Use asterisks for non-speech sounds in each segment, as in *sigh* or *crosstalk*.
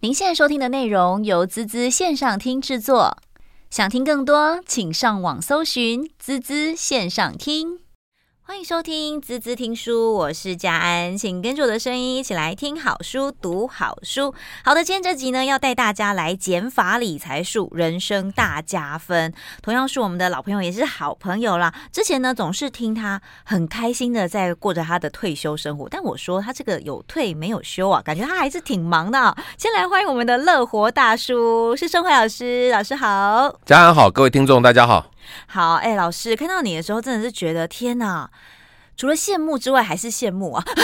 您現在收聽的內容由孜孜線上聽製作，想聽更多，請上網搜尋“孜孜線上聽”。歡迎收聽孜孜聽書，我是家安，請跟着我的聲音一起來聽好書，讀好書。好的，今天這集呢，要帶大家來減法理財術，人生大加分。同樣是我們的老朋友，也是好朋友啦。之前呢，總是聽他很開心的在過着他的退休生活，但我說他這個有退沒有休啊，感覺他還是挺忙的哦。先來歡迎我們的樂活大叔，施昇輝老師，老師好，家安好，各位聽眾大家好。好，哎，老師看到你的時候，真的是覺得天哪！除了羨慕之外，還是羨慕啊！ *laughs*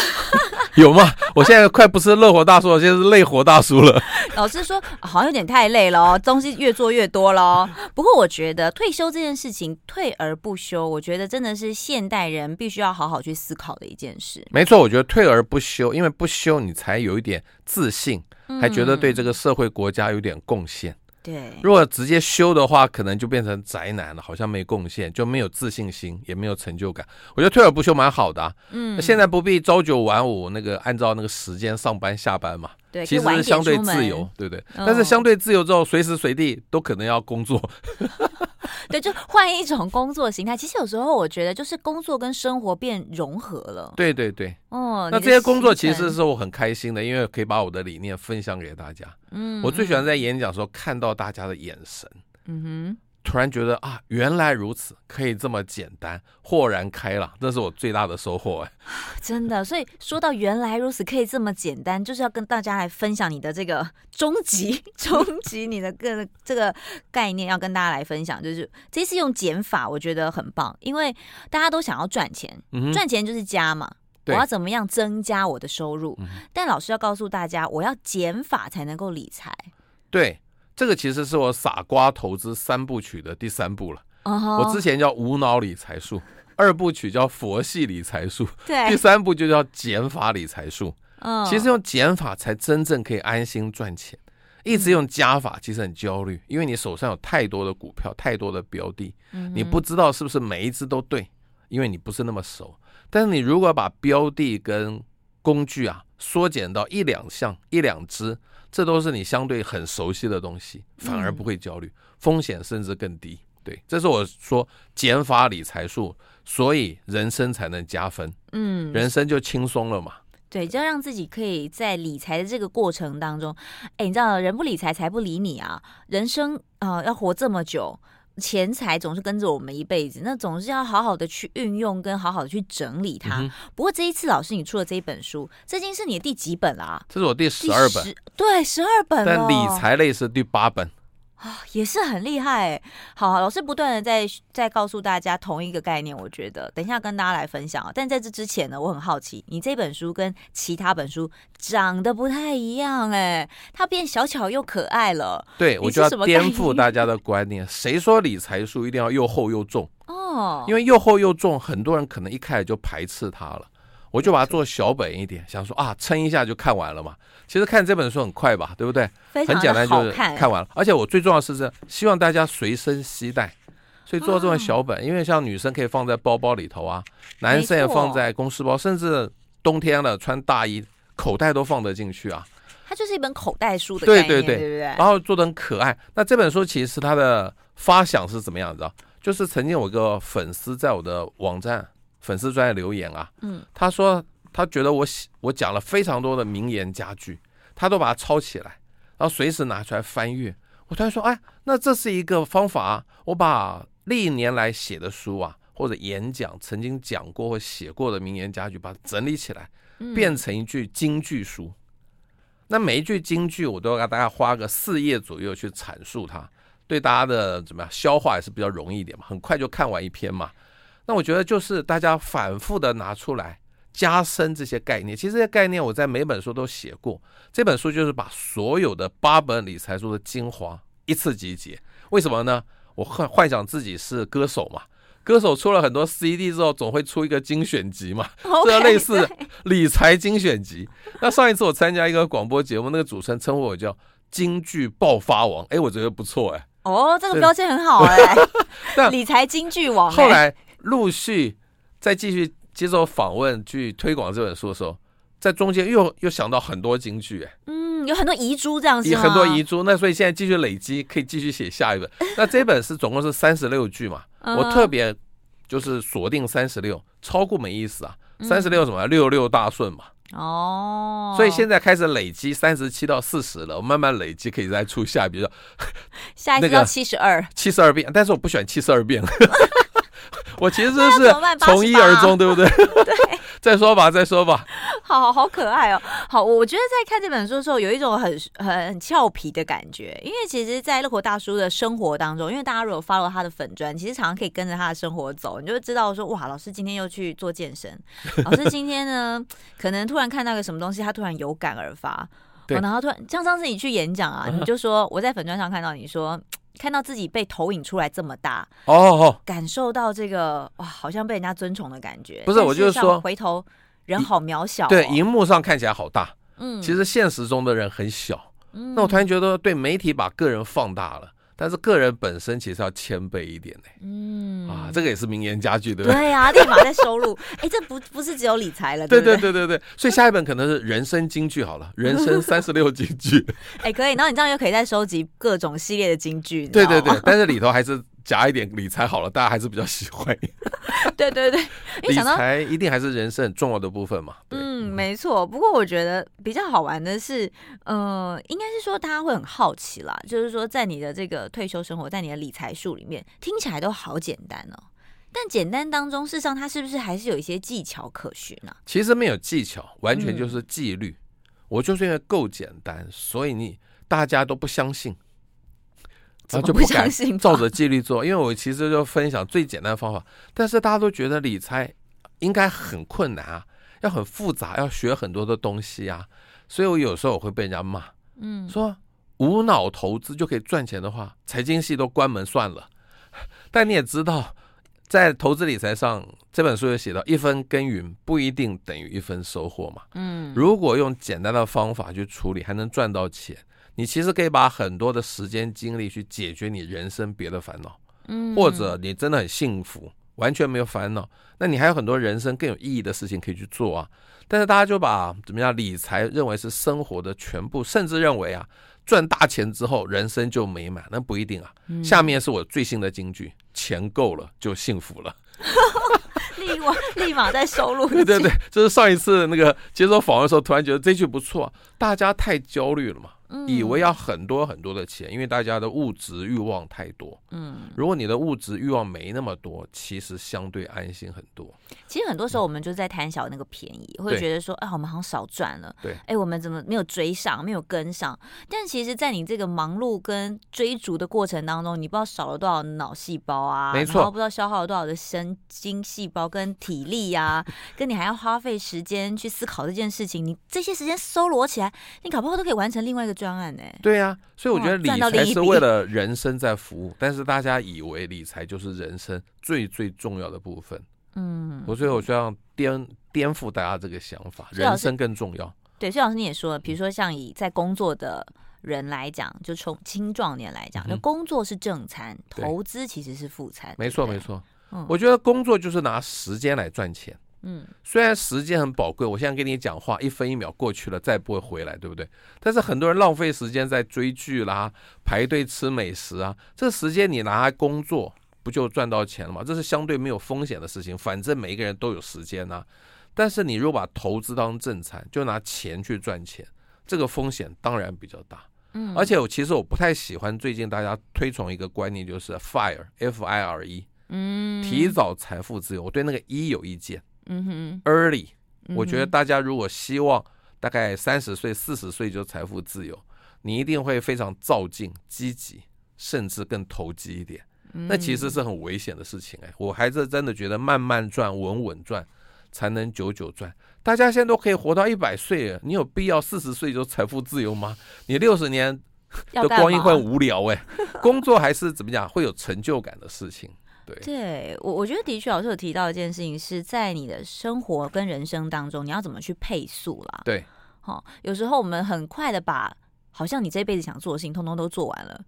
有嗎？我現在快不是樂活大叔了， *laughs* 現在是累活大叔了。老師說，哦，好像有點太累了，東西越做越多了。不過我覺得退休這件事情，退而不休，我覺得真的是現代人必須要好好去思考的一件事。沒錯，我覺得退而不休，因為不休你才有一點自信，還覺得對這個社會、國家有點貢獻。嗯對，如果直接休的話，可能就變成宅男了，好像沒貢獻，就沒有自信心，也沒有成就感。我覺得退而不休蠻好的，啊，嗯，現在不必朝九晚五，那個按照那個時間上班下班嘛，對，其實相對自由，對不對？但是相對自由之後，哦、隨時隨地都可能要工作。 *laughs* *laughs* 對，就換一種工作形態。其實有時候我覺得，就是工作跟生活變融合了。對對對，嗯、哦，那這些工作其實是我很開心的，的因為可以把我的理念分享給大家。嗯，嗯，我最喜歡在演講的時候看到大家的眼神。嗯哼。突然覺得啊，原來如此，可以這麼簡單，豁然開朗，這是我最大的收穫哎、欸！真的，所以說到原來如此可以這麼簡單，就是要跟大家來分享你的這個終極、終極你的個 *laughs* 這個概念，要跟大家來分享。就是這次用減法，我覺得很棒，因為大家都想要賺錢，嗯、哼賺錢就是加嘛。對我要怎麼樣增加我的收入？嗯、哼但老師要告訴大家，我要減法才能夠理財。對。這個其實是我傻瓜投資三部曲的第三部了。我之前叫無腦理財術，二部曲叫佛系理財術，第三部就叫減法理財術。其實用減法才真正可以安心賺錢。一直用加法其實很焦慮，因為你手上有太多的股票、太多的標的，你不知道是不是每一支都對，因為你不是那麼熟。但是你如果把標的跟工具啊縮減到一兩項、一兩支。這都是你相對很熟悉的東西，反而不會焦慮，嗯、風險甚至更低。對，這是我說減法理財術，所以人生才能加分，嗯，人生就輕鬆了嘛。對，就要讓自己可以在理財的這個過程當中，哎，你知道人不理財，財不理你啊，人生啊、呃、要活這麼久。錢財總是跟着我們一輩子，那總是要好好的去運用跟好好的去整理它。嗯哼。不過這一次，老師你出了這一本書，這已經是你的第幾本啦啊？這是我第十二本。對，十二本。但理財類是第八本。哦、也是很厲害。好，好，老師不斷的在在告訴大家同一個概念，我覺得等一下跟大家來分享，哦。但在這之前呢，我很好奇，你這本書跟其他本書長得不太一樣，哎，它變小巧又可愛了。對，我就要顛覆大家的觀念。誰說理財書一定要又厚又重？哦，因為又厚又重，很多人可能一開始就排斥它了。我就把它做小本一點，想說啊，撐一下就看完了嘛。其實看這本書很快吧，對不對？非常。很簡單就是看完了，啊、而且我最重要的是是希望大家隨身攜帶，所以做這種小本，嗯、因為像女生可以放在包包裡頭啊，男生也放在公事包，沒錯。甚至冬天了穿大衣口袋都放得進去啊。它就是一本口袋書的概念，對對對，對不對？然後做得很可愛。那這本書其實它的發想是怎麼樣子啊？就是曾經有一個粉絲在我的網站。粉絲專頁留言啊，嗯，他說他覺得我寫我講了非常多的名言佳句，他都把它抄起來，然後隨時拿出來翻閱。我突然說，哎，那這是一個方法，我把歷年來寫的書啊，或者演講曾經講過或寫過的名言佳句，把它整理起來，變成一句金句書。嗯、那每一句金句，我都要給大家花個四頁左右去闡述它，對大家的怎麼樣消化也是比較容易一點嘛，很快就看完一篇嘛。那我覺得就是大家反覆的拿出來加深這些概念。其實這些概念我在每本書都寫過。這本書就是把所有的八本理財書的精華一次集結。為什麼呢？我幻幻想自己是歌手嘛，歌手出了很多 CD 之後總會出一個精選集嘛，這類似理財精選集。Okay, 對那上一次我參加一個廣播節目，那個主持人稱呼我叫“金句爆發王”。哎，我覺得不錯哎。哦，這個標籤很好哎。理財金句王。後來。陸續再繼續接受訪問去推廣這本書的時候，在中間又又想到很多金句，嗯，有很多遺珠這樣子，有很多遺珠。那所以現在繼續累積，可以繼續寫下一本。那這本是總共是三十六句嘛？ *laughs* 我特別就是鎖定三十六，超過沒意思啊。三十六什麼？六六、嗯、大順嘛。哦，所以現在開始累積三十七到四十了，我慢慢累積可以再出下一本。 *laughs* 下一次要、那個七十二，七十二變，但是我不喜歡七十二變。 *laughs* *laughs* 我其實就是從一而終，對不 *laughs* *laughs* 對？對， *laughs* 再說吧，再說吧。好好，好可愛哦，好，我覺得在看這本書的時候，有一種很很很俏皮的感覺。因為其實，在樂活大叔的生活當中，因為大家如果 follow 他的粉專，其實常常可以跟着他的生活走，你就會知道說，哇，老師今天又去做健身。老師今天呢， *laughs* 可能突然看到個什麼東西，他突然有感而發，對，然後突然像上次你去演講啊，你就說我在粉專上看到你說。 *laughs* 看到自己被投影出來這麼大，哦、oh, oh. 感受到這個哇，好像被人家尊崇的感覺。不是，我就是說，回頭人好渺小，哦，對，熒幕上看起來好大，嗯，其實現實中的人很小。那我突然覺得，對，媒體把個人放大了。但是個人本身其實要謙卑一點嘞、欸，嗯，啊，這個也是名言佳句，對不對？對啊，立馬在收入，哎、 *laughs* 欸，這不不是只有理財了， *laughs* 對對，對對對對，所以下一本可能是人生金句好了，人生三十六金句，哎、 *laughs* 欸，可以，然後你這樣又可以再收集各種系列的金句，對對對，但是裡頭還是。夾一點理財好了，大家還是比較喜歡。 *laughs* *laughs* 對對對，因為想到理財一定還是人生很重要的部分嘛。嗯，沒錯。嗯、不過我覺得比較好玩的是，呃，應該是說大家會很好奇啦，就是說在你的這個退休生活，在你的理財術裡面，聽起來都好簡單哦。但簡單當中，事實上它是不是還是有一些技巧可循呢？其實沒有技巧，完全就是紀律。嗯、我就是因為夠簡單，所以你大家都不相信。就不敢照着紀律做，因為我其實就分享最簡單的方法，但是大家都覺得理財應該很困難啊，要很複雜，要學很多的東西啊，所以我有時候我會被人家罵，嗯，說無腦投資就可以賺錢的話，財經系都關門算了。但你也知道，在投資理財上，這本書也寫到一分耕耘不一定等於一分收穫嘛，嗯，如果用簡單的方法去處理，還能賺到錢，你其實可以把很多的時間精力去解決你人生別的煩惱，嗯，或者你真的很幸福，完全沒有煩惱，那你還有很多人生更有意義的事情可以去做啊。但是大家就把怎麼樣理財認為是生活的全部，甚至認為啊，賺大錢之後人生就美滿，那不一定啊。下面是我最新的金句：錢夠了就幸福了呵呵，立馬立馬在收入。 *laughs* 對對對，就是上一次那個接受訪問的時候，突然覺得這句不錯，大家太焦慮了嘛。以為要很多很多的錢，嗯、因為大家的物質慾望太多。嗯，如果你的物質欲望沒那麼多，其實相對安心很多。其實很多時候我們就在貪小的那個便宜，嗯、會覺得說對哎，我們好像少賺了。對，哎，我們怎麼沒有追上，沒有跟上？但其實，在你這個忙碌跟追逐的過程當中，你不知道少了多少腦細胞啊，沒錯，不知道消耗了多少的神經細胞跟體力呀、啊， *laughs* 跟你還要花費時間去思考這件事情，你這些時間搜羅起來，你搞不好都可以完成另外一個。方案呢？對呀、啊，所以我覺得理財是為了人生在服務，但是大家以為理財就是人生最最重要的部分。嗯，所以我希望顛顛覆大家這個想法，人生更重要。對，施老師你也說了，比如說像以在工作的人來講，就從青壯年來講，那、嗯、工作是正餐，投資其實是副餐。對對對沒錯，沒錯。嗯、我覺得工作就是拿時間來賺錢。嗯，雖然時間很寶貴，我現在跟你講話，一分一秒過去了，再不會回來，對不對？但是很多人浪費時間在追劇啦、排隊吃美食啊，這時間你拿來工作，不就賺到錢了嗎？這是相對沒有風險的事情，反正每一個人都有時間吶、啊。但是你如果把投資當正餐，就拿錢去賺錢，這個風險當然比較大。嗯，而且我其實我不太喜歡最近大家推崇一個觀念，就是 FIRE，F I R E，嗯，提早財富自由。我對那個 E 有意見。嗯哼、mm hmm,，early，我覺得大家如果希望大概三十歲、四十歲就財富自由，你一定會非常躁進、積極，甚至更投機一點。那其實是很危險的事情哎。我還是真的覺得慢慢賺、穩穩賺，才能久久賺。大家現在都可以活到一百歲了，你有必要四十歲就財富自由嗎？你六十年的光陰會無聊哎，帶 *laughs* 工作還是怎麼講會有成就感的事情。對，對，我我覺得的確，老師有提到一件事情，是在你的生活跟人生當中，你要怎麼去配速啦？對，好、哦，有時候我們很快的把好像你這輩子想做的事情，通通都做完了，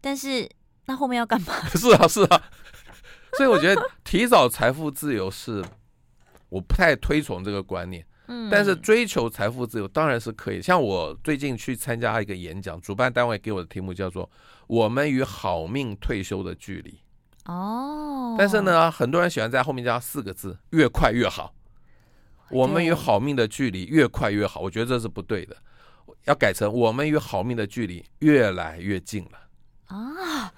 但是那後面要幹嘛？是啊，是啊， *laughs* 所以我覺得提早財富自由是我不太推崇這個觀念。 *laughs* 嗯，但是追求財富自由當然是可以。像我最近去參加一個演講，主辦單位給我的題目叫做《我們與好命退休的距離》。哦，但是呢，很多人喜歡在後面加四個字“越快越好”。我們與好命的距離越快越好，我覺得這是不對的，要改成“我們與好命的距離越來越近了”。啊，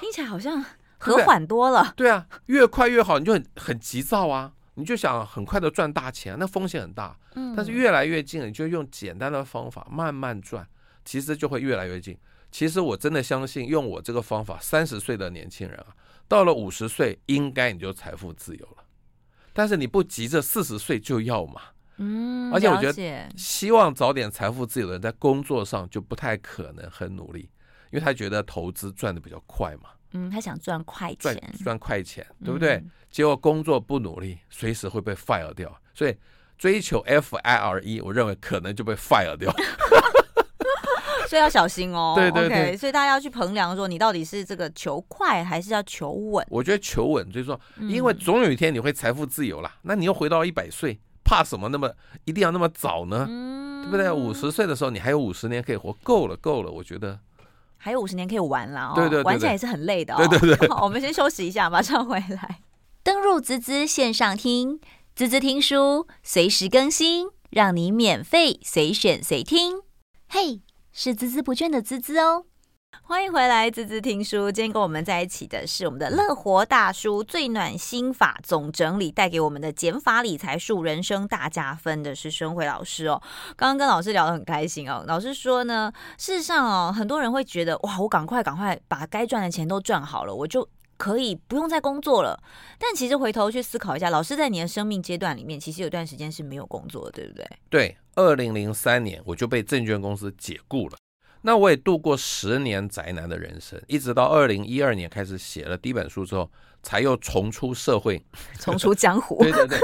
聽起來好像和緩多了。對，對啊，越快越好，你就很很急躁啊，你就想很快的賺大錢，那風險很大。嗯，但是越來越近，你就用簡單的方法慢慢賺，其實就會越來越近。其實我真的相信，用我這個方法，三十歲的年輕人啊。到了五十歲，應該你就財富自由了，嗯、但是你不急着四十歲就要嘛。嗯，而且我覺得，希望早點財富自由的人，在工作上就不太可能很努力，因為他覺得投資賺的比較快嘛。嗯，他想賺快錢，賺快錢，嗯、對不對？結果工作不努力，隨時會被 fire 掉。所以追求 FIRE，我認為可能就被 fire 掉。 *laughs* 都要小心哦，對 OK，所以大家要去衡量說，你到底是這個求快還是要求穩？我覺得求穩，就是說，因為總有一天你會財富自由啦，嗯、那你又回到一百歲，怕什麼？那麼一定要那麼早呢？嗯、對不對？五十歲的時候，你還有五十年可以活，夠了，夠了。我覺得還有五十年可以玩了哦，對對，對對，玩起來也是很累的哦。對，對對對，好， *laughs* 我們先休息一下，馬上回來。登入孜孜線上聽孜孜聽書，隨時更新，讓你免費隨選隨，隨聽。嘿。Hey, 是孜孜不倦的孜孜哦，歡迎回來孜孜聽書。今天跟我們在一起的是我們的樂活大叔最暖心法總整理帶給我們的減法理財術人生大加分的是昇輝老師哦。剛剛跟老師聊得很開心哦。老師說呢，事實上哦，很多人會覺得哇，我趕快趕快把該賺的錢都賺好了，我就。可以不用再工作了，但其實回頭去思考一下，老師在你的生命階段裡面，其實有段時間是沒有工作的，對不對？對，二零零三年我就被證券公司解雇了，那我也度過十年宅男的人生，一直到二零一二年開始寫了第一本書之後，才又重出社會， *laughs* 重出江湖。對對對，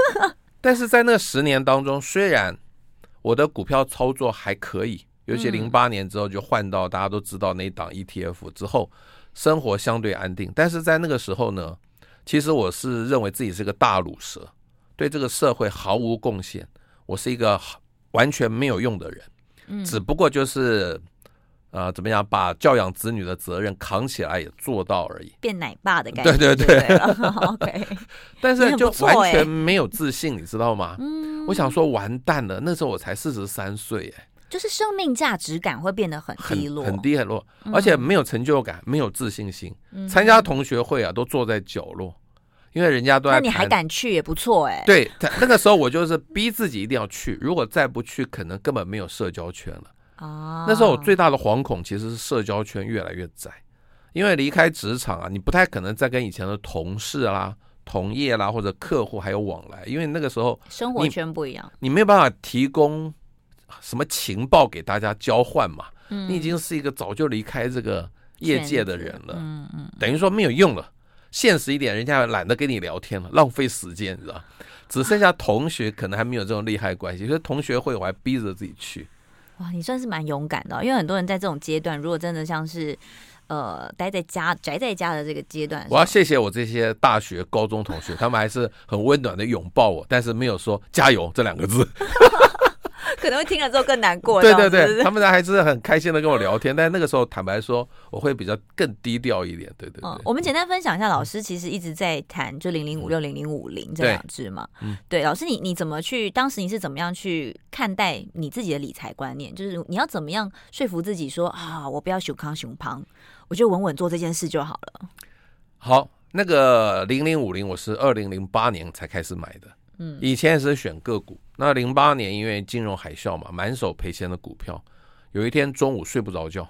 但是在那十年當中，雖然我的股票操作還可以，尤其零八年之後就換到大家都知道那檔 ETF 之後。嗯嗯生活相對安定，但是在那個時候呢，其實我是認為自己是個大魯蛇，對這個社會毫無貢獻，我是一個完全沒有用的人，嗯、只不過就是，呃，怎麼樣把教養子女的責任扛起來也做到而已，變奶爸的感覺，對對對，OK， *laughs* *laughs* 但是就完全沒有自信，你，欸、你知道嗎？嗯、我想說完蛋了，那時候我才四十三歲，哎。就是生命價值感會變得很低落很，很低很落，而且沒有成就感，嗯、沒有自信心。參加同學會啊，都坐在角落，因為人家都在。那你還敢去也不錯哎、欸。對，那個時候我就是逼自己一定要去， *laughs* 如果再不去，可能根本沒有社交圈了。哦，那時候我最大的惶恐其實是社交圈越來越窄，因為離開職場啊，你不太可能再跟以前的同事啦、啊、同業啦、啊、或者客戶還有往來，因為那個時候生活圈不一樣，你沒有辦法提供什麼情報給大家交換嘛？你已經是一個早就離開這個業界的人了，嗯嗯，等於說沒有用了。現實一點，人家懶得跟你聊天了，浪費時間，你知道，只剩下同學，可能還沒有這種利害關係。所以同學會我還逼着自己去。哇，你算是蠻勇敢的，因為很多人在這種階段，如果真的像是呃待在家宅在家的這個階段，我要謝謝我這些大學、高中同學，他們還是很溫暖的擁抱我，但是沒有說加油這兩個字。 *laughs* 可能會聽了之後更難過。對對對， *laughs* 他們還是很開心的跟我聊天。 *laughs* 但那個時候，坦白說，我會比較更低調一點。對對，對，嗯。我們簡單分享一下，老師其實一直在談，就零零五六零零五零這兩隻嘛。嗯，對，老師你你怎麼去？當時你是怎麼樣去看待你自己的理財觀念？就是你要怎麼樣說服自己說啊，我不要熊康熊胖，我就穩穩做這件事就好了。好，那個零零五零，我是二零零八年才開始買的。以前也是選個股，那零八年因為金融海嘯嘛，滿手賠錢的股票。有一天中午睡不着覺，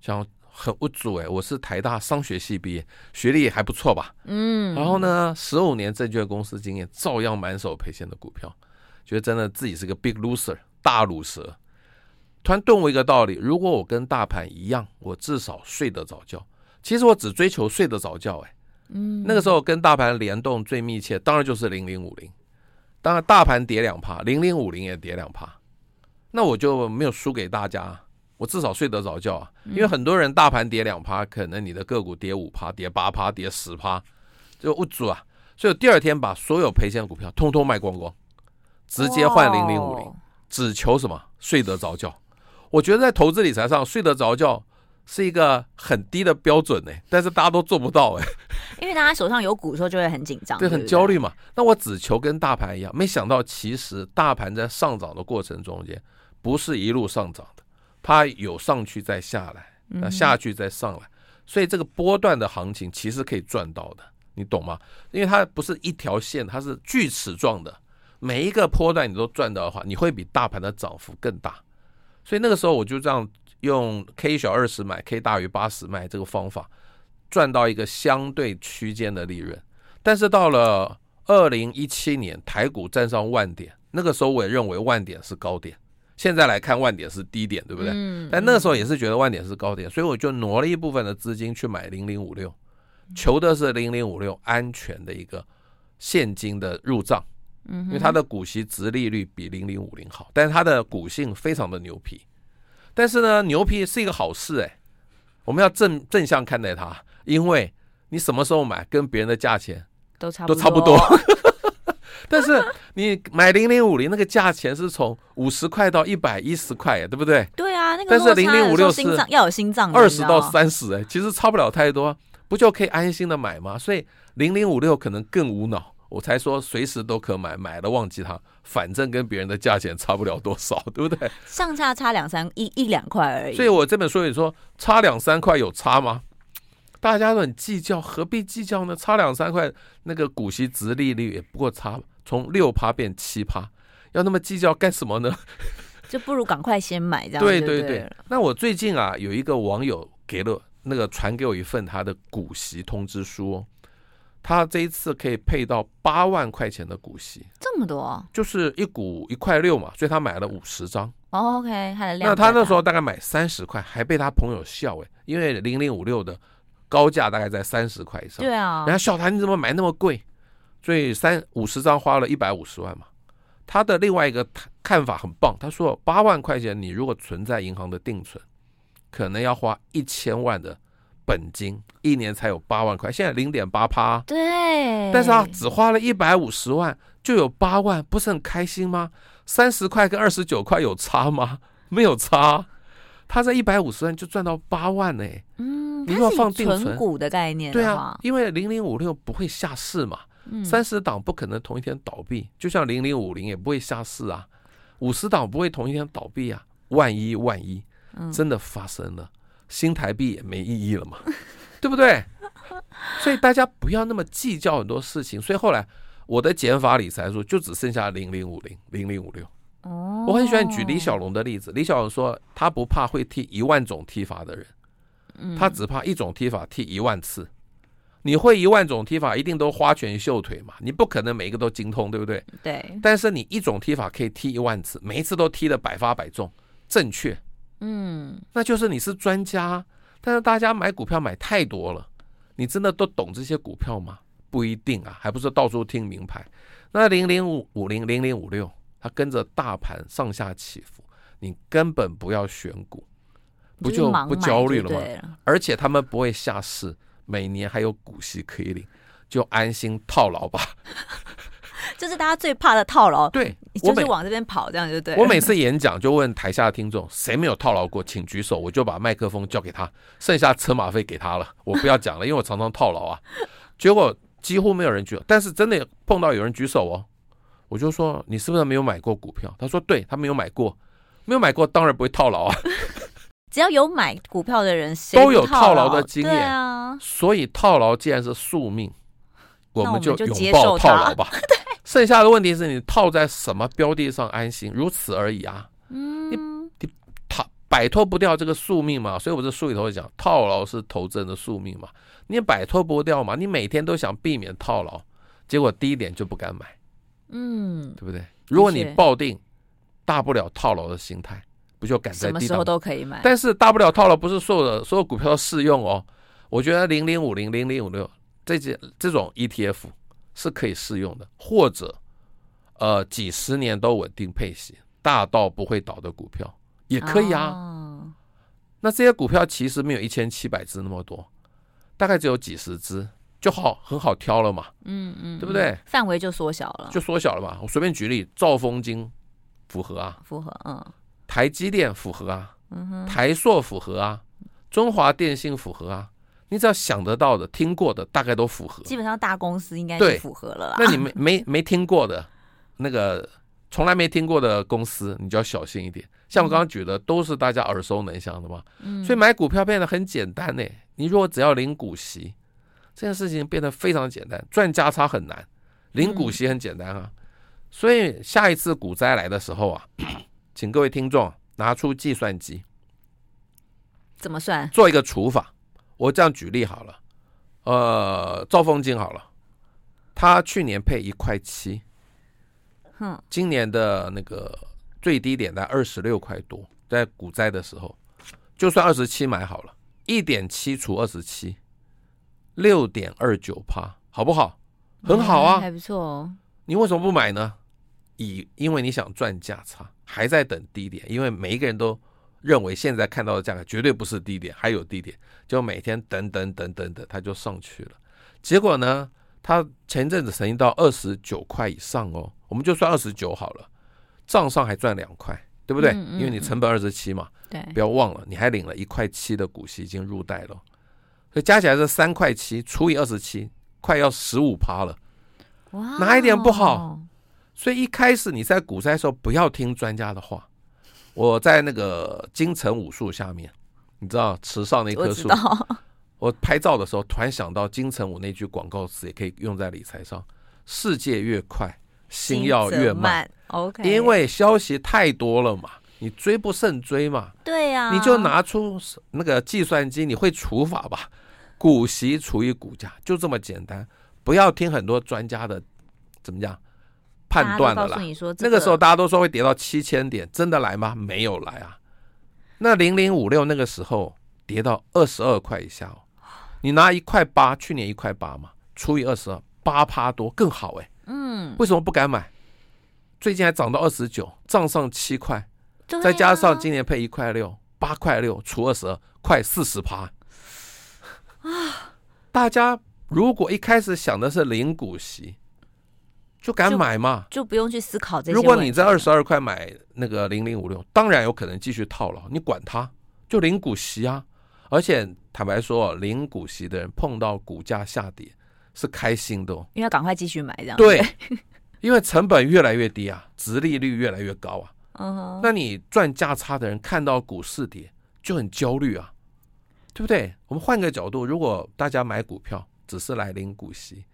像很無助誒，我是台大商學系畢業，學歷也還不錯吧，嗯。然後呢，十五年證券公司經驗，照樣滿手賠錢的股票，覺得真的自己是個 big loser 大魯蛇。突然頓悟一個道理，如果我跟大盤一樣，我至少睡得着覺。其實我只追求睡得着覺誒、欸。嗯，那個時候跟大盤聯動最密切，當然就是零零五零。當然，大盤跌兩趴，零零五零也跌兩趴，那我就沒有輸給大家，我至少睡得着覺啊。因為很多人大盤跌兩趴，可能你的個股跌五趴、跌八趴、跌十趴就無助啊。所以第二天把所有賠錢股票通通賣光光，直接換零零五零，只求什麼？睡得着覺。我覺得在投資理財上睡得着覺。是一個很低的標準呢。欸，但是大家都做不到哎、欸，因為大家手上有股的時候就會很緊張， *laughs* 對，很焦慮嘛。對對，那我只求跟大盤一樣，沒想到其實大盤在上漲的過程中間不是一路上漲的，它有上去再下來，那下去再上來，嗯、所以這個波段的行情其實可以賺到的，你懂嗎？因為它不是一條線，它是鋸齒狀的，每一個波段你都賺到的話，你會比大盤的漲幅更大。所以那個時候我就這樣。用 K 小二十買，K 大於八十賣這個方法，賺到一個相對區間的利潤。但是到了二零一七年，台股站上萬點，那個時候我也認為萬點是高點。現在來看萬點是低點，對不對？嗯，但那時候也是覺得萬點是高點，所以我就挪了一部分的資金去買零零五六，求的是零零五六安全的一個現金的入賬，因為它的股息殖利率比零零五零好，但它的股性非常的牛皮。但是呢，牛皮是一個好事哎，我們要正正向看待它，因為你什麼時候買，跟別人的價錢都差都差不多。不多 *laughs* 但是你買零零五零那個價錢是從五十塊到一百一十塊，對不對？對啊，那個、但是零零五六是要有心臟，二十到三十哎，其實差不了太多，不就可以安心的買嗎？所以零零五六可能更無腦。我才說，隨時都可買，買了忘記它，反正跟別人的價錢差不了多少，對不對？上下差，差兩三一一兩塊而已。所以我這本書裡說，說差兩三塊有差嗎？大家都很計較，何必計較呢？差兩三塊，那個股息殖利率也不過差，從六趴變七趴，要那麼計較幹什麼呢？就不如趕快先買，這樣 *laughs* 對，對對對。對。那我最近啊，有一個網友給了那個傳給我一份他的股息通知書哦。他這一次可以配到八萬塊錢的股息，這麼多，就是一股一塊六嘛，所以他買了五十張。哦，OK，他的那他那時候大概買三十塊，還被他朋友笑誒、欸，因為零零五六的高價大概在三十塊以上。對啊，然後笑他，你怎麼買那麼貴？所以三五十張花了一百五十萬嘛。他的另外一個看法很棒，他說八萬塊錢你如果存在銀行的定存，可能要花一千萬的。本金一年才有八萬塊，現在零點八趴，對，但是啊，只花了一百五十萬就有八萬，不是很開心嗎？三十塊跟二十九塊有差嗎？沒有差，他在一百五十萬就賺到八萬呢、欸。嗯，它是純股的概念的，對啊，因為零零五六不會下市嘛，三十檔不可能同一天倒閉，就像零零五零也不會下市啊，五十檔不會同一天倒閉啊，萬一萬一，嗯、真的發生了。新台幣也沒意義了嘛，對不對？ *laughs* 所以大家不要那麼計較很多事情。所以後來我的減法理財術就只剩下零零五零、零零五六。哦，我很喜歡舉李小龍的例子。李小龍說，他不怕會踢一萬種踢法的人，他只怕一種踢法踢一萬次。你會一萬種踢法，一定都花拳繡腿嘛？你不可能每一個都精通，對不對？對。但是你一種踢法可以踢一萬次，每一次都踢得百發百中，正確。嗯，那就是你是專家，但是大家買股票買太多了，你真的都懂這些股票嗎？不一定啊，還不是到處聽名牌。那零零五零、零零五六，它跟着大盤上下起伏，你根本不要選股，不就不焦慮了嗎？了而且他們不會下市，每年還有股息可以領，就安心套牢吧。 *laughs* 就是大家最怕的套牢，對，就是往這邊跑，這樣就對。我我每次演講就問台下的聽眾，誰沒有套牢過，請舉手，我就把麥克風交給他，剩下車馬費給他了，我不要講了，因為我常常套牢啊。 *laughs* 結果幾乎沒有人舉，但是真的碰到有人舉手哦，我就說你是不是沒有買過股票？他說對，他沒有買過，沒有買過，當然不會套牢啊。 *laughs* 只要有買股票的人，誰都有套牢的經驗，啊，所以套牢既然是宿命，我們就擁抱套牢吧。 *laughs* 剩下的問題是你套在什麼標的上安心，如此而已啊。嗯，你，你你套擺脫不掉這個宿命嘛，所以我這書裡頭會講，套牢是投資人的宿命嘛，你擺脫不掉嘛，你每天都想避免套牢，結果低點就不敢買，嗯，對不對？如果你抱定，大不了套牢的心態，不就敢在，嗯，什麼時候都可以買？但是大不了套牢不是所有的所有股票適用哦，我覺得零零五零零零五六這些這種 ETF。是可以適用的，或者，呃，幾十年都穩定配息、大到不會倒的股票也可以啊。哦、那這些股票其實沒有一千七百隻那麼多，大概只有幾十隻，就好很好挑了嘛。嗯嗯，嗯對不對？範圍就縮小了，就縮小了嘛。我隨便舉例，兆豐金符合啊，符合嗯，台積電符合啊，嗯、哼台碩符合啊，中華電信符合啊。你只要想得到的、聽過的，大概都符合。基本上大公司應該是符合了。那你沒沒沒聽過的， *laughs* 那個從來沒聽過的公司，你就要小心一點。像我剛剛舉的，都是大家耳熟能詳的嘛。嗯、所以買股票變得很簡單呢。你如果只要領股息，這件事情變得非常簡單，賺價差很難，領股息很簡單啊。嗯、所以下一次股災來的時候啊，咳咳請各位聽眾拿出計算機，怎麼算？做一個除法。我這樣舉例好了，呃，兆豐金好了，他去年配一塊七，嗯，今年的那個最低點在二十六塊多，在股災的時候，就算二十七買好了，一點七除二十七，六點二九趴，好不好？很好啊，還不錯哦。你為什麼不買呢？以因為你想賺價差，還在等低點，因為每一個人都認為現在看到的價格絕對不是低點，還有低點，就每天等等等等等，它就上去了。結果呢，他前陣子曾經到二十九塊以上哦，我們就算二十九好了，賬上還賺兩塊，對不對？嗯嗯。因為你成本二十七嘛，對。不要忘了，你還領了一塊七的股息，已經入袋了，所以加起來是三塊七除以二十七，快要十五趴了。哇，哪一點不好？所以一開始你在股災的時候，不要聽專家的話。我在那個金城武樹下面，你知道池上那棵樹，我拍照的時候突然想到金城武那句廣告詞也可以用在理財上：世界越快，心要越慢。因為消息太多了嘛，你追不勝追嘛。對呀，你就拿出那個計算機，你會除法吧？股息除以股價，就這麼簡單。不要聽很多專家的，怎麼講？判斷的啦，那個時候大家都說會跌到七千點，真的來嗎？沒有來啊。那零零五六那個時候跌到二十二塊以下哦，你拿一塊八，去年一塊八嘛，除以二十二，八趴多更好哎。嗯，為什麼不敢買？最近還漲到二十九，漲上七塊，啊、再加上今年配一塊六，八塊六除二十二，快四十趴。大家如果一開始想的是零股息。就敢買嘛？就不用去思考這些。如果你在二十二塊買那個零零五六，當然有可能繼續套牢，你管它就領股息啊，而且坦白說，領股息的人碰到股價下跌是開心的，因為要趕快繼續買這樣。對， *laughs* 因為成本越來越低啊，殖利率越來越高啊。嗯哼、uh-huh. 那你賺價差的人看到股市跌就很焦慮啊，對不對？我們換個角度，如果大家買股票只是來領股息，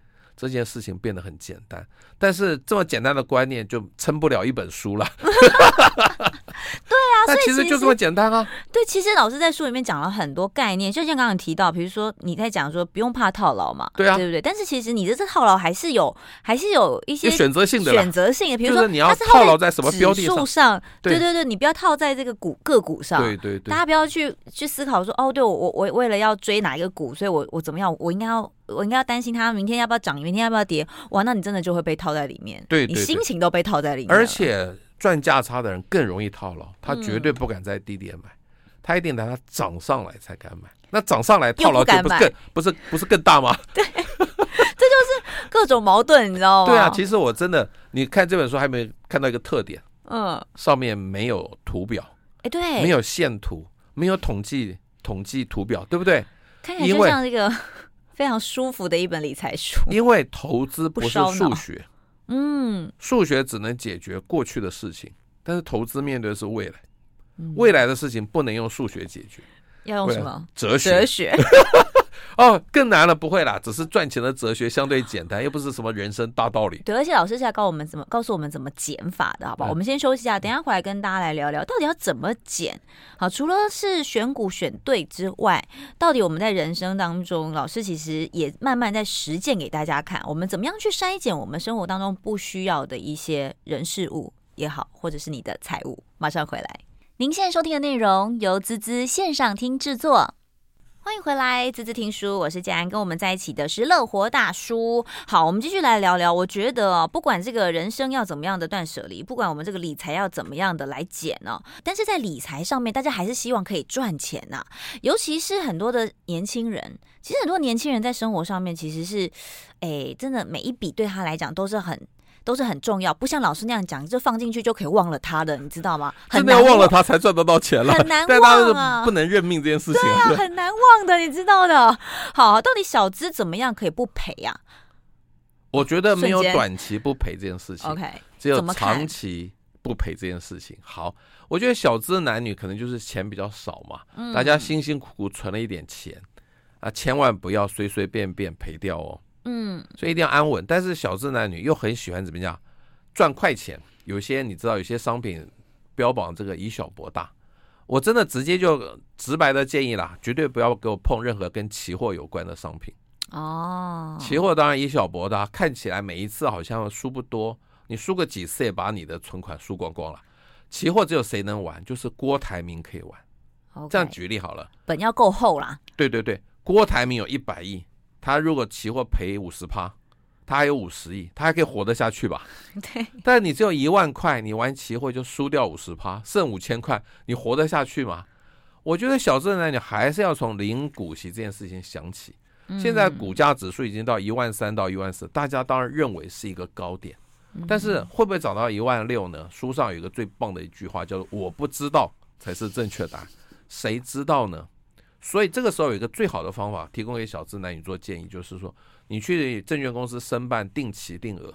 這件事情變得很簡單，但是這麼簡單的觀念就撐不了一本書了。 *laughs* 對啊，那其實就這麼簡單啊。對，其實老師在書裡面講了很多概念，就像剛剛提到，比如說你在講說不用怕套牢嘛，對啊，對不對？但是其實你的這次套牢還是有，還是有一些選擇性的選擇性的，比如說你要套牢在什麼標的上，對，對對對，你不要套在這個股個股上，對對，對對。大家不要去去思考說，哦，對我我我為了要追哪一個股，所以我我怎麼樣，我應該要我應該要擔心它明天要不要漲，明天要不要跌？哇，那你真的就會被套在裡面，對，對，對，你心情都被套在裡面，而且。賺價差的人更容易套牢，他絕對不敢在低點買，嗯、他一定等它漲上來才敢買。那漲上來套牢就不是更不，不是不是更大嗎？對， *laughs* 這就是各種矛盾，你知道嗎？對啊，其實我真的，你看這本書，還沒看到一個特點，嗯，上面沒有圖表，哎，欸、對，沒有線圖，沒有統計統計圖表，對不對？看起來因為就像一個非常舒服的一本理財書，因為投資不是數學。嗯，數學只能解決過去的事情，但是投資面對的是未來，嗯、未來的事情不能用數學解決，要用什麼？哲學。哲學。 *laughs* 哦，更難了。不會啦，只是賺錢的哲學相對簡單，又不是什麼人生大道理。對，而且老師是在告訴我們怎麼告訴我們怎麼減法的，好不好？嗯、我們先休息一下，等一下回來跟大家來聊聊到底要怎麼減。好，除了是選股選對之外，到底我們在人生當中，老師其實也慢慢在實踐給大家看，我們怎麼樣去篩減我們生活當中不需要的一些人事物也好，或者是你的財務。馬上回來，您現在收聽的內容由孜孜線上聽制作。歡迎回來，孜孜聽書，我是家安，跟我們在一起的是樂活大叔。好，我們繼續來聊聊。我覺得、哦，不管這個人生要怎麼樣的斷捨離，不管我們這個理財要怎麼樣的來減呢、哦，但是在理財上面，大家還是希望可以賺錢吶、啊。尤其是很多的年輕人，其實很多年輕人在生活上面其實是，哎，真的每一筆對他來講都是很。都是很重要，不像老師那樣講，就放進去就可以忘了他的。你知道嗎？真的要忘了他才賺得到錢了，很難忘啊！但他是不能認命這件事情，啊，對很難忘的，你知道的。好，到底小資怎麼樣可以不賠呀、啊？我覺得沒有短期不賠這件事情，OK，只有長期不賠這件事情。好，我覺得小資男女可能就是錢比較少嘛，嗯、大家辛辛苦苦存了一點錢啊，千萬不要隨隨便便賠掉哦。嗯，所以一定要安穩。但是小資男女又很喜歡怎麼講，賺快錢。有些你知道，有些商品標榜這個以小博大。我真的直接就直白的建議啦，絕對不要給我碰任何跟期貨有關的商品。哦，期貨當然以小博大，看起來每一次好像輸不多，你輸個幾次也把你的存款輸光光了。期貨只有誰能玩，就是郭台銘可以玩。Okay, 這樣舉例好了，本要夠厚啦。對對對，郭台銘有一百億。他如果期貨賠五十趴，他還有五十億，他還可以活得下去吧？對。但你只有一萬塊，你玩期貨就輸掉五十趴，剩五千塊，你活得下去嗎？我覺得小資男女呢，你還是要從零股息這件事情想起。現在股價指數已經到一萬三到一萬四，大家當然認為是一個高點，但是會不會漲到一萬六呢？書上有一個最棒的一句話，叫做“我不知道才是正確答案”，誰知道呢？所以這個時候有一個最好的方法，提供給小資男女做建議，就是說，你去證券公司申辦定期定額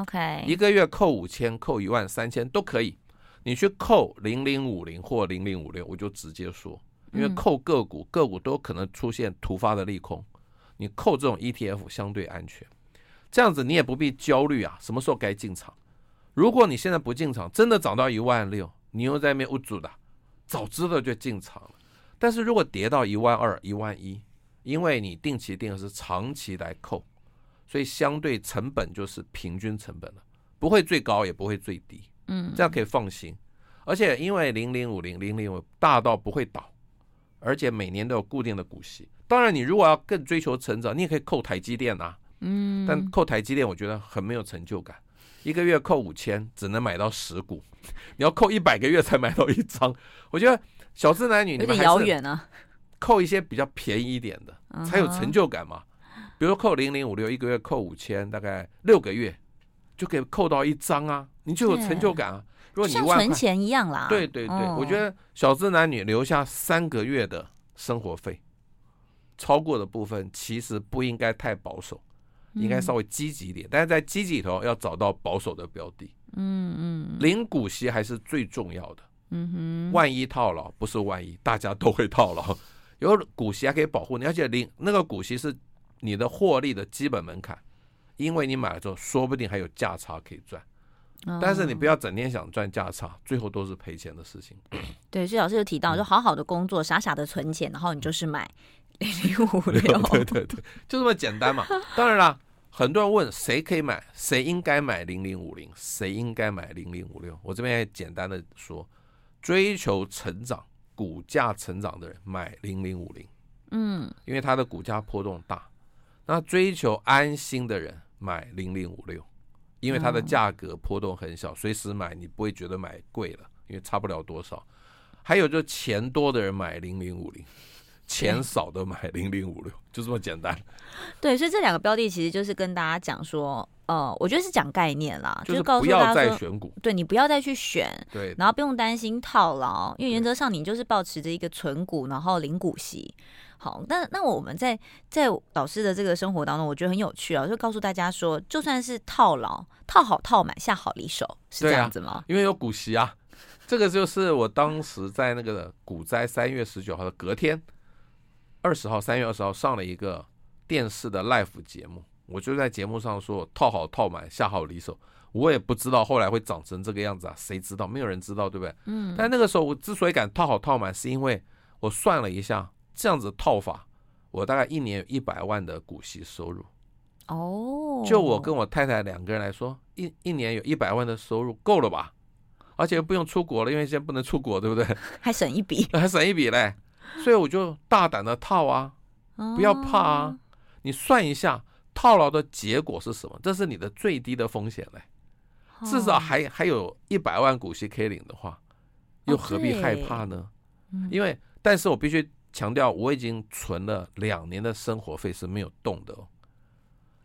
，OK，一個月扣五千、扣一萬、三千都可以。你去扣零零五零或零零五六，我就直接說，因為扣個股，個股個股都可能出現突發的利空，你扣這種 ETF 相對安全。這樣子你也不必焦慮啊，什麼時候該進場？如果你現在不進場，真的漲到一萬六，你又在那邊捂住的，早知道就進場了。但是如果跌到一萬二、一萬一，因為你定期定的是長期來扣，所以相對成本就是平均成本了，不會最高也不會最低，嗯，這樣可以放心。而且因為零零五零、零零五大到不會倒，而且每年都有固定的股息。當然，你如果要更追求成長，你也可以扣台積電啊，嗯，但扣台積電我覺得很沒有成就感。一個月扣五千，只能買到十股，你要扣一百個月才買到一張，我覺得。小資男女，你們還是，扣一些比較便宜一點的，才有成就感嘛。比如扣零零五六，一個月扣五千，大概六個月就可以扣到一張啊，你就有成就感啊。如果你存錢一樣啦。對對對，我覺得小資男女留下三個月的生活費，超過的部分其實不應該太保守，應該稍微積極一點。但是在積極裡頭，要找到保守的標的。嗯嗯，領股息還是最重要的。嗯哼，萬一套牢不是萬一，大家都會套牢。有股息還可以保護你，而且零那個股息是你的獲利的基本門檻，因為你買了之後，說不定還有價差可以賺。但是你不要整天想賺價差，最後都是賠錢的事情。哦、對，施老師有提到，就好好的工作，嗯、傻傻的存錢，然後你就是買零零五六，對對對，就這麼簡單嘛。 *laughs* 當然啦，很多人問誰可以買，誰應該買零零五零，誰應該買零零五六？我這邊也簡單的說。追求成長、股價成長的人買零零五零，嗯，因為它的股價波動大；那追求安心的人買零零五六，因為它的價格波動很小，嗯、隨時買你不會覺得買貴了，因為差不了多少。還有就錢多的人買零零五零。錢少的買零零五六，就這麼簡單。對，所以這兩個標的其實就是跟大家講說，呃，我覺得是講概念啦，就是，就是告訴大家說，不要再選股，對你不要再去選，對，然後不用擔心套牢，因為原則上你就是抱持著一個存股，然後領股息。好，那那我們在在老師的這個生活當中，我覺得很有趣啊，就告訴大家說，就算是套牢、套好套滿，下好離手是這樣子嗎、啊？因為有股息啊，這個就是我當時在那個股災三月十九號的隔天。二十號，三月二十號上了一個電視的 live 節目，我就在節目上說，套好套滿，下好離手。我也不知道後來會長成這個樣子啊，誰知道？沒有人知道，對不對？嗯。但那個時候我之所以敢套好套滿，是因為我算了一下，這樣子套法，我大概一年有一百萬的股息收入。哦。就我跟我太太兩個人來說，一一年有一百萬的收入夠了吧？而且又不用出國了，因為現在不能出國，對不對？還省一筆，還省一筆嘞。所以我就大膽的套啊，不要怕啊！哦、你算一下套牢的結果是什麼？這是你的最低的風險嘞，至少還、哦、還有一百萬股息可以領的話，又何必害怕呢？哦、因為，但是我必須強調，我已經存了兩年的生活費是沒有動的哦。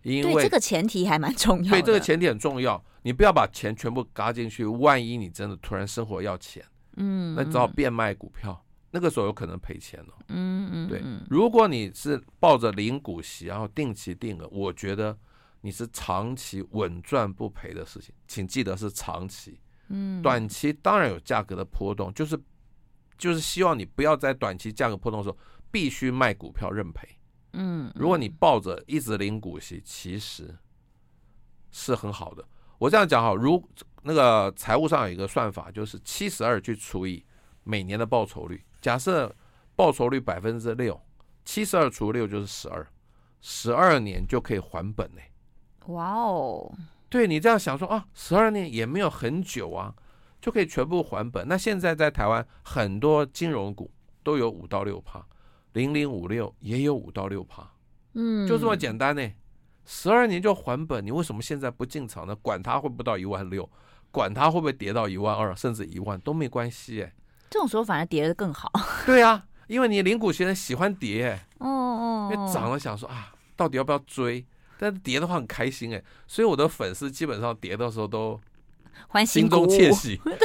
因為對這個前提還蠻重要的。對，這個前提很重要，你不要把錢全部嘎進去，萬一你真的突然生活要錢，嗯，那只好變賣股票。那個時候有可能賠錢哦。嗯嗯，對。如果你是抱着領股息，然後定期定額，我覺得你是長期穩賺不賠的事情，請記得是長期。嗯，短期當然有價格的波動，就是就是希望你不要在短期價格波動的時候必須賣股票認賠。嗯，如果你抱着一直領股息，其實是很好的。我這樣講哈，如那個財務上有一個算法，就是七十二去除以每年的報酬率。假設報酬率百分之六，七十二除六就是十二，十二年就可以還本呢、哎。哇哦 Wow，對你這樣想說啊，十二年也沒有很久啊，就可以全部還本。那現在在台灣很多金融股都有五到六趴，零零五六也有五到六趴，嗯，就這麼簡單呢、哎，十二年就還本。你為什麼現在不進場呢？管它會不到一萬六，管它會不會跌到一萬二甚至一萬都沒關係、哎這種時候反而跌的更好。對啊，因為你領股息的人喜歡跌、欸。哦，因為漲了想說啊，到底要不要追？但是跌的話很開心哎、欸，所以我的粉絲基本上跌的時候都，心中竊喜。對。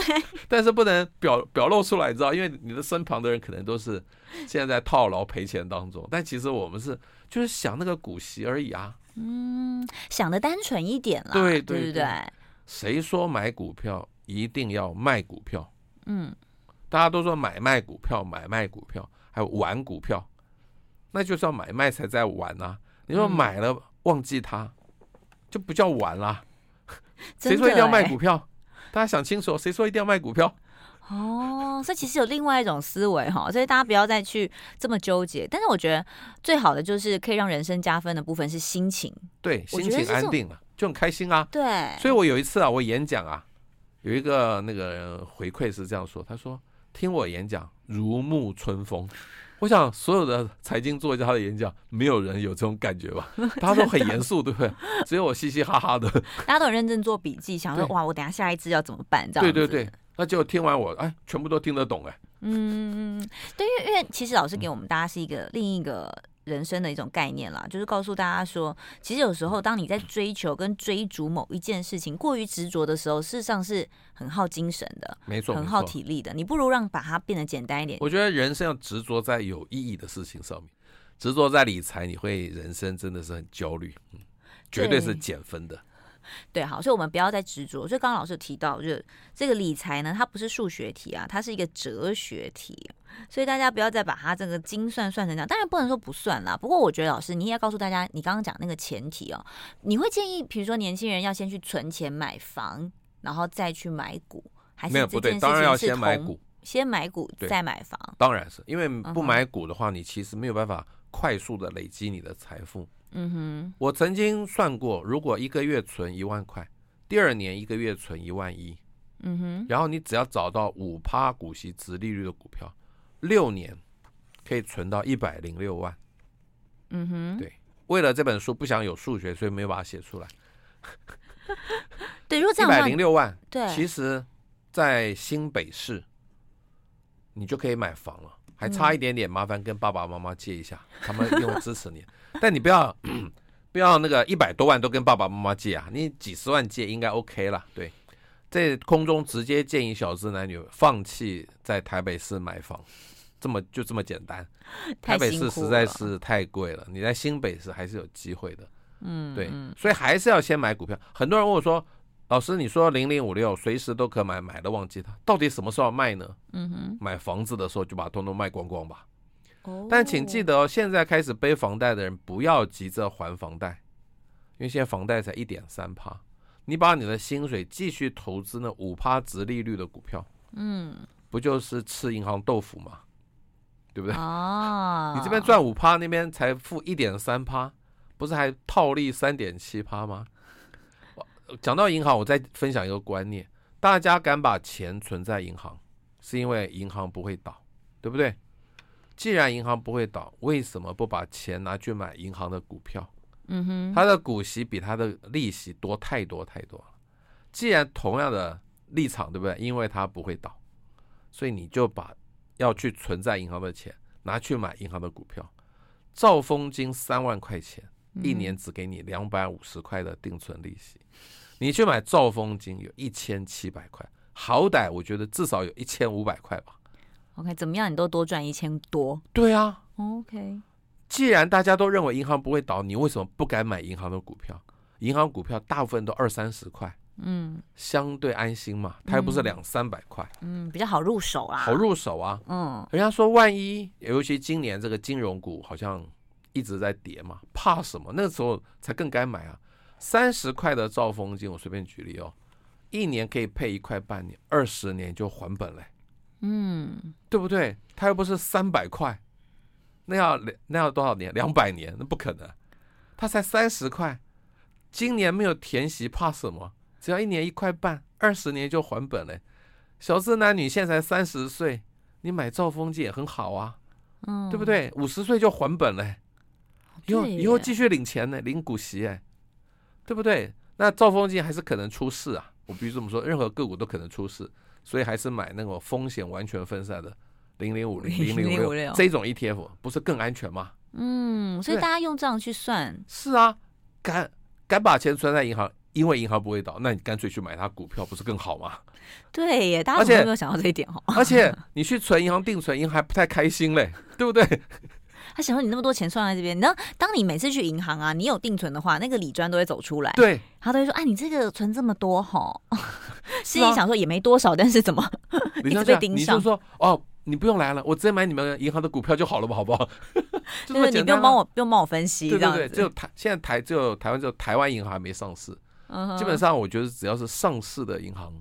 但是不能表表露出來，你知道？因為你的身旁的人可能都是現在，在套牢賠錢當中，但其實我們是就是想那個股息而已啊。嗯，想的單純一點啦，對對對。誰說買股票一定要賣股票？嗯。大家都說買賣股票，買賣股票，還有玩股票，那就是要買賣才在玩啊！你說買了忘記它，嗯、就不叫玩啦。誰 *laughs* 說一定要賣股票？欸、大家想清楚，誰說一定要賣股票？哦，所以其實有另外一種思維哈，所以大家不要再去這麼糾結。但是我覺得最好的就是可以讓人生加分的部分是心情。對，心情安定了，就很開心啊。對，所以我有一次啊，我演講啊，有一個那個回饋是這樣說，他說。聽我演講如沐春風，我想所有的財經作家的演講沒有人有這種感覺吧？大家都很嚴肅，對不對？只有我嘻嘻哈哈的， *laughs* 大家都很認真做筆記，想說對哇，我等一下下一次要怎麼辦？這樣對對對，那就聽完我哎，全部都聽得懂哎、欸，嗯嗯，對，因為因為其實老師給我們大家是一個、嗯、另一個。人生的一種概念啦，就是告訴大家說，其實有時候當你在追求跟追逐某一件事情過於執着的時候，事實上是很耗精神的，沒錯，很耗體力的。你不如讓把它變得簡單一點。我覺得人生要執着在有意義的事情上面，執着在理財，你會人生真的是很焦慮，嗯，絕對是減分的。對，好，所以我們不要再執着。所以剛剛老師有提到，就這個理財呢，它不是數學題啊，它是一個哲學題。所以大家不要再把它這個精算算成這樣。當然不能說不算啦，不過我覺得老師，你也要告訴大家，你剛剛講那個前提哦、喔，你會建議，比如說年輕人要先去存錢買房，然後再去買股，還是，這件事情是沒有不對？當然要先買股，先買股對再買房。當然是，因為不買股的話，你其實沒有辦法快速的累積你的財富。嗯哼，mm hmm. 我曾經算過，如果一個月存一萬塊，第二年一個月存一萬一，嗯哼、mm，hmm. 然後你只要找到五趴股息殖利率的股票，六年可以存到一百零六萬。嗯哼、mm，hmm. 對，為了這本書不想有數學，所以沒有把它寫出來。 *laughs* *laughs* 對，如果一百零六萬，對，其實，在新北市，你就可以買房了，還差一點點，mm hmm. 麻煩跟爸爸媽媽借一下，他們因為支持你。 *laughs* 但你不要、嗯、不要那個一百多萬都跟爸爸媽媽借啊，你幾十萬借應該 OK 了。對，在空中直接建議小資男女放棄在台北市買房，這麼就這麼簡單。台北市實在是太貴了，太辛苦了。你在新北市還是有機會的。嗯，嗯，對，所以還是要先買股票。很多人問我說：“老師，你說零零五六隨時都可以買，買了忘記它，到底什麼時候賣呢？”嗯哼，買房子的時候就把通通賣光光吧。但請記得哦，現在開始背房貸的人，不要急着還房貸，因為現在房貸才一點三趴，你把你的薪水繼續投資那五趴殖利率的股票，嗯，不就是吃銀行豆腐嗎？對不對？啊， *laughs* 你這邊賺五趴，那邊才付一點三趴，不是還套利三點七趴嗎？講到銀行，我再分享一個觀念：大家敢把錢存在銀行，是因為銀行不會倒，對不對？既然銀行不會倒，為什麼不把錢拿去買銀行的股票？嗯哼，他的股息比他的利息多太多太多了。既然同樣的立場，對不對？因為它不會倒，所以你就把要去存在銀行的錢拿去買銀行的股票。兆豐金三萬塊錢，一年只給你兩百五十塊的定存利息，你去買兆豐金有一千七百塊，好歹我覺得至少有一千五百塊吧。OK，怎麼樣？你都多賺一千多。對啊，OK。既然大家都認為銀行不會倒，你為什麼不敢買銀行的股票？銀行股票大部分都二三十塊，嗯，相對安心嘛，它又不是兩三百塊，嗯，嗯，比較好入手啊。好入手啊，嗯，人家說萬一，尤其今年這個金融股好像一直在跌嘛，怕什麼？那時候才更該買啊！三十塊的兆豐金，我隨便舉例哦，一年可以配一塊半，二十年就還本嘞。嗯，對不對？他又不是三百塊，那要兩那要多少年？兩百年？那不可能。他才三十塊，今年沒有填息，怕什麼？只要一年一塊半，二十年就還本嘞。小資男女現在才三十歲，你買兆豐金也很好啊，嗯，對不對？五十歲就還本嘞，以後耶以後繼續領錢呢，領股息哎，對不對？那兆豐金還是可能出事啊，我必須這麼說，任何個股都可能出事。所以還是買那個風險完全分散的0050、0056這一種 ETF，不是更安全嗎？嗯，所以大家用這樣去算。是啊，敢敢把錢存在銀行，因為銀行不會倒，那你乾脆去買它股票，不是更好嗎？對耶，大家有沒有且想到這一點？而且你去存銀行定存，銀行還不太開心嘞，對不對？他想說你那麼多錢存在這邊，你知道，當你每次去銀行啊，你有定存的話，那個理專都會走出來，對，他都會說：“哎，你這個存這麼多，哈。”是你想說也沒多少，是啊、但是怎麼你是 *laughs* 被盯上？你是說哦，你不用來了，我直接買你們銀行的股票就好了吧？好不好？ *laughs* 就是你不用幫我，不用幫我分析，對不對，對就就。就台現在台就台灣就台灣銀行還沒上市，uh huh. 基本上我覺得只要是上市的銀行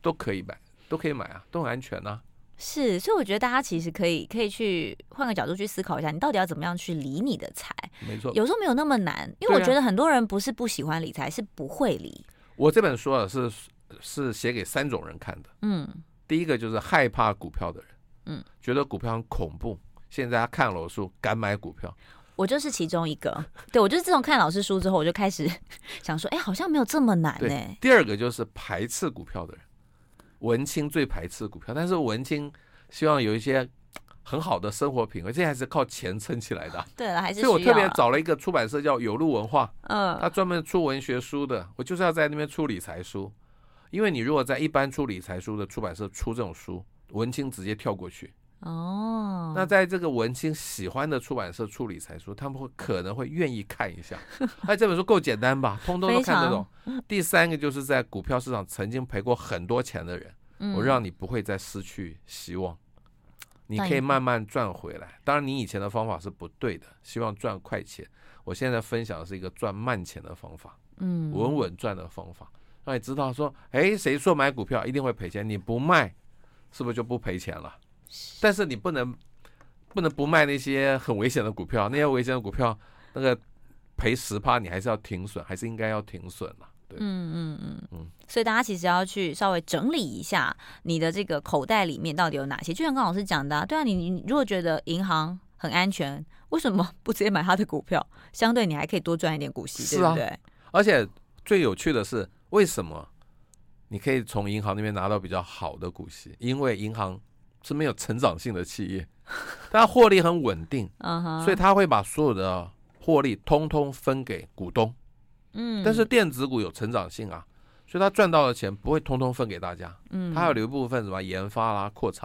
都可以買，都可以買啊，都很安全吶、啊。是，所以我覺得大家其實可以可以去換個角度去思考一下，你到底要怎麼樣去理你的財？沒錯錯，有時候沒有那麼難，因為我覺得很多人不是不喜歡理財，是不會理。啊、我這本書啊是。是寫給三種人看的。嗯，第一個就是害怕股票的人，嗯，覺得股票很恐怖。現在他看了我書，敢買股票。我就是其中一個， *laughs* 對我就是自從看老師書之後，我就開始想說，哎、欸，好像沒有這麼難呢、欸。第二個就是排斥股票的人，文青最排斥股票，但是文青希望有一些很好的生活品味，這還是靠錢撐起來的。對了，還是所以我特別找了一個出版社叫有路文化，嗯、呃，他專門出文學書的，我就是要在那邊出理財書。因為你如果在一般出理財書的出版社出這種書，文青直接跳過去哦。Oh. 那在這個文青喜歡的出版社出理財書，他們會可能會願意看一下。哎，這本書夠簡單吧？ *laughs* 通通都看得懂。非常 第三個就是在股票市場曾經賠過很多錢的人，嗯、我讓你不會再失去希望，嗯、你可以慢慢賺回來。當然，你以前的方法是不對的，希望賺快錢。我現在分享的是一個賺慢錢的方法，嗯，穩穩賺的方法。他也知道說，哎、欸，誰說買股票一定會賠錢？你不賣，是不是就不賠錢了？但是你不能不能不賣那些很危險的股票，那些危險的股票，那個賠十趴，你還是要停損，還是應該要停損嘛、啊？對，嗯嗯嗯嗯。嗯嗯所以大家其實要去稍微整理一下你的這個口袋裡面到底有哪些，就像剛老師講的、啊，對啊你，你如果覺得銀行很安全，為什麼不直接買他的股票？相對你還可以多賺一點股息，啊、對不對？而且最有趣的是，為什麼？你可以從銀行那邊拿到比較好的股息，因為銀行是沒有成長性的企業，它獲利很穩定， *laughs* uh、huh. 所以它會把所有的獲利通通分給股東。嗯，但是電子股有成長性啊，所以它賺到的錢不會通通分給大家，嗯，它要留一部分什麼研發啦、啊、擴產。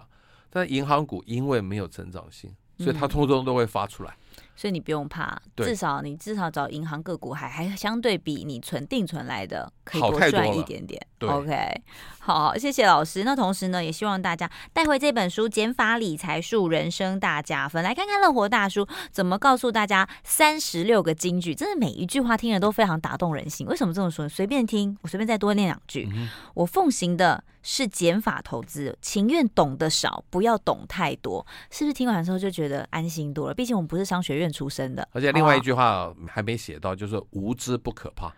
但銀行股因為沒有成長性，所以它通通都會發出來。所以你不用怕，對至少你至少找銀行個股還還相對比你存定存來的可以多賺一點點。好 OK，好，好，謝謝老師。那同時呢，也希望大家帶回這本書《減法理財術，人生大加分》，來看看樂活大叔怎麼告訴大家三十六個金句，真的每一句話聽了都非常打動人心。為什麼這麼說呢？隨便聽，我隨便再多念兩句。嗯、我奉行的是減法投資，情願懂得少，不要懂太多。是不是聽完之後就覺得安心多了？畢竟我們不是商。學院出身的，而且另外一句話還沒寫到，就是無知不可怕，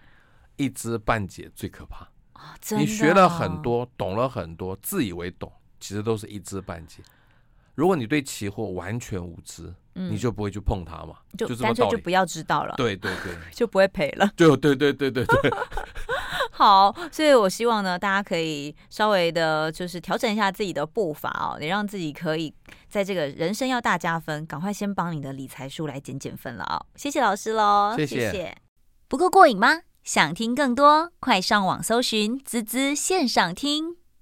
一知半解最可怕。啊啊、你學了很多，懂了很多，自以為懂，其實都是一知半解。如果你對期貨完全無知，嗯、你就不會去碰它嘛，就乾脆就不要知道了。對對對， *laughs* 就不會賠了。 *laughs* 對對對對對對。 *laughs* 好，所以我希望呢，大家可以稍微的，就是調整一下自己的步伐哦，你讓自己可以在這個人生要大加分，趕快先幫你的理財書來減減分了啊！謝謝老師嘍，謝謝。謝謝。不夠過癮嗎？想聽更多，快上網搜尋“孜孜”線上聽。